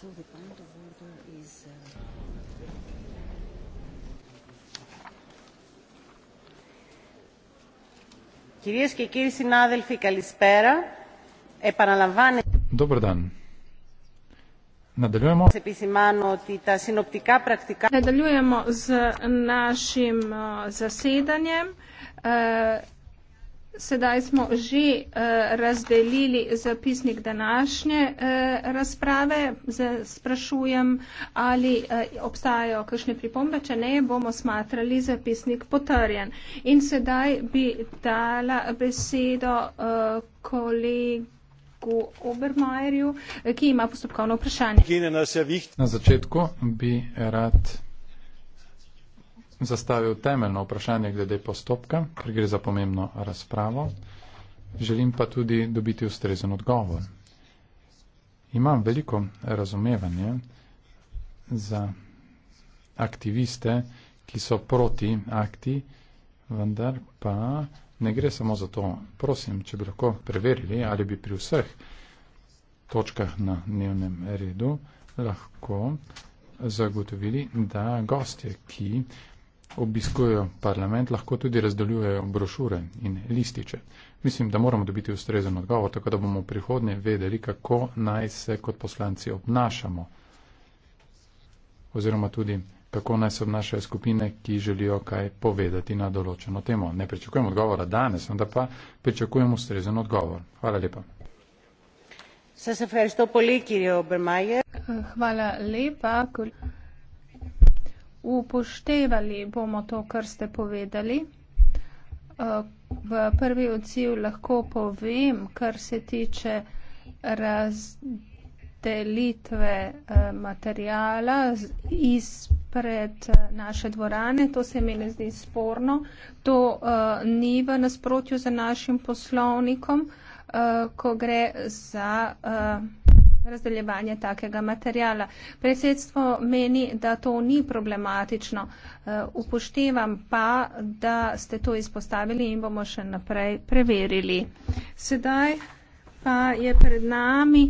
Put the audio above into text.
So the point of order is eh, Κυρίες και κύριοι συνάδελφοι, καλησπέρα. Επαναλαμβάνετε... Добрый день. Надалюємо. Επισημάνω ότι τα συνοπτικά πρακτικά... Надалюємо з нашим засіданням. Uh, Sedaj smo že eh, razdelili zapisnik današnje eh, razprave. Sprašujem, ali eh, obstajajo kakšne pripombe. Če ne, bomo smatrali zapisnik potrjen. In sedaj bi dala besedo kolegu. Ki ima postopkovno vprašanje. Na začetku bi rad zastavil temeljno vprašanje glede postopka, ker gre za pomembno razpravo. Želim pa tudi dobiti ustrezen odgovor. Imam veliko razumevanje za aktiviste, ki so proti akti, vendar pa ne gre samo za to. Prosim, če bi lahko preverili, ali bi pri vseh točkah na dnevnem redu lahko zagotovili, da gostje, ki obiskujejo parlament, lahko tudi razdeljujejo brošure in lističe. Mislim, da moramo dobiti ustrezen odgovor, tako da bomo v prihodnje vedeli, kako naj se kot poslanci obnašamo oziroma tudi kako naj se obnašajo skupine, ki želijo kaj povedati na določeno temo. Ne pričakujem odgovora danes, vendar pa pričakujem ustrezen odgovor. Hvala lepa. Hvala lepa. Upoštevali bomo to, kar ste povedali. V prvi odziv lahko povem, kar se tiče razdelitve eh, materijala izpred eh, naše dvorane. To se mi ne zdi sporno. To eh, ni v nasprotju z našim poslovnikom, ko gre za razdeljevanje takega materijala. Predsedstvo meni, da to ni problematično. Eh, upoštevam pa, da ste to izpostavili in bomo še naprej preverili. Sedaj pa je pred nami